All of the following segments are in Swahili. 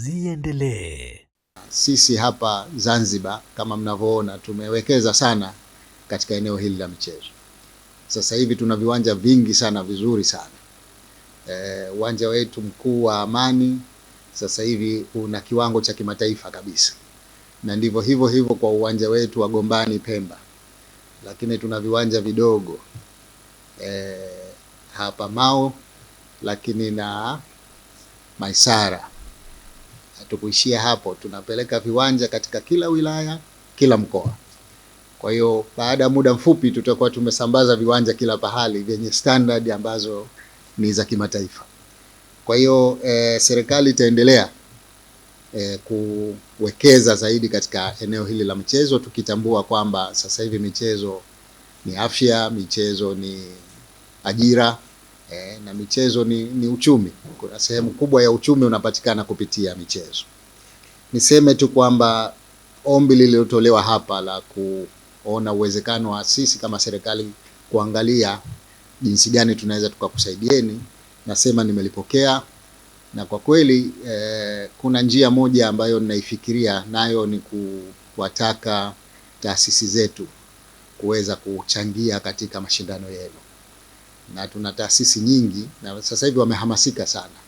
ziendelee. Sisi hapa Zanzibar kama mnavyoona, tumewekeza sana katika eneo hili la michezo. Sasa hivi tuna viwanja vingi sana vizuri sana. E, uwanja e, wetu mkuu wa Amani sasa hivi una kiwango cha kimataifa kabisa, na ndivyo hivyo hivyo kwa uwanja wetu wa Gombani Pemba, lakini tuna viwanja vidogo e, hapa Mao, lakini na Maisara hatukuishia hapo, tunapeleka viwanja katika kila wilaya, kila mkoa. Kwa hiyo baada ya muda mfupi tutakuwa tumesambaza viwanja kila pahali vyenye standard ambazo ni za kimataifa. Kwa hiyo e, serikali itaendelea e, kuwekeza zaidi katika eneo hili la michezo, tukitambua kwamba sasa hivi michezo ni afya, michezo ni ajira eh, na michezo ni, ni uchumi. Kuna sehemu kubwa ya uchumi unapatikana kupitia michezo. Niseme tu kwamba ombi lililotolewa hapa la kuona uwezekano wa sisi kama serikali kuangalia jinsi gani tunaweza tukakusaidieni, nasema nimelipokea na kwa kweli eh, kuna njia moja ambayo ninaifikiria nayo ni kuwataka taasisi zetu kuweza kuchangia katika mashindano yenu na tuna taasisi nyingi, na sasa hivi wamehamasika sana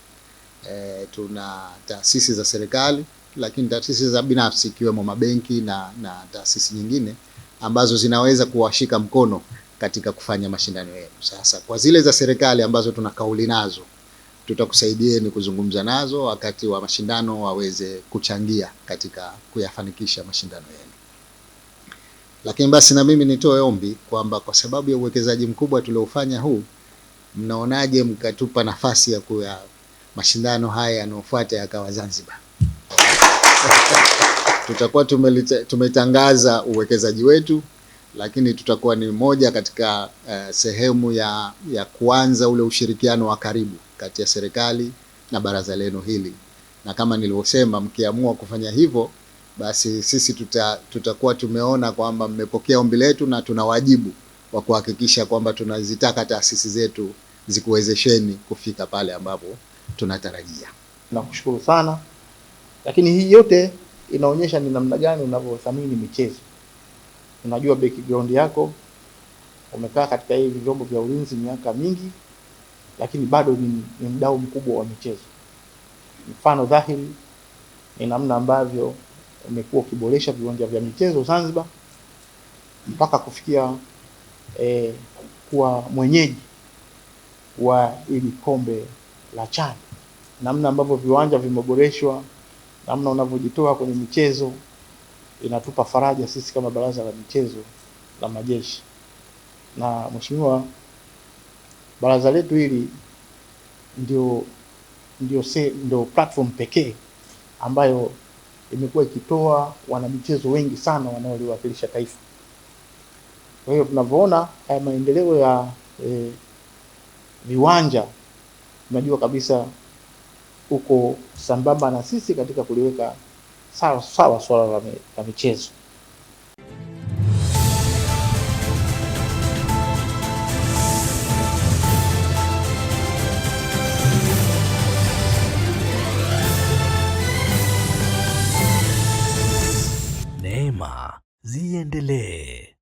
e, tuna taasisi za serikali lakini taasisi za binafsi ikiwemo mabenki na, na taasisi nyingine ambazo zinaweza kuwashika mkono katika kufanya mashindano yenu. Sasa kwa zile za serikali ambazo tuna kauli nazo, tutakusaidieni kuzungumza nazo wakati wa mashindano waweze kuchangia katika kuyafanikisha mashindano yenu. Lakini basi na mimi nitoe ombi kwamba kwa sababu ya uwekezaji mkubwa tuliofanya huu, mnaonaje mkatupa nafasi ya kuya mashindano haya yanayofuata yakawa Zanzibar? Tutakuwa tumetangaza uwekezaji wetu, lakini tutakuwa ni moja katika uh, sehemu ya, ya kuanza ule ushirikiano wa karibu kati ya serikali na baraza lenu hili, na kama nilivyosema, mkiamua kufanya hivyo basi sisi tuta, tutakuwa tumeona kwamba mmepokea ombi letu na tuna wajibu wa kuhakikisha kwamba tunazitaka taasisi zetu zikuwezesheni kufika pale ambapo tunatarajia. Nakushukuru sana, lakini hii yote inaonyesha ni namna gani unavyothamini michezo. Unajua background yako, umekaa katika hivi vyombo vya ulinzi miaka mingi, lakini bado ni, ni mdau mkubwa wa michezo. Mfano dhahiri ni namna ambavyo umekuwa ukiboresha viwanja vya michezo Zanzibar mpaka kufikia eh, kuwa mwenyeji wa ili kombe la CHAN, namna ambavyo viwanja vimeboreshwa, namna unavyojitoa kwenye michezo inatupa faraja sisi kama Baraza la Michezo la Majeshi. Na mheshimiwa, baraza letu hili ndio ndio, ndio platform pekee ambayo imekuwa ikitoa wanamichezo wengi sana wanaoliwakilisha taifa. Kwa hiyo tunavyoona haya maendeleo ya e, viwanja unajua kabisa uko sambamba na sisi katika kuliweka sawa sawa swala la michezo. ziendelee.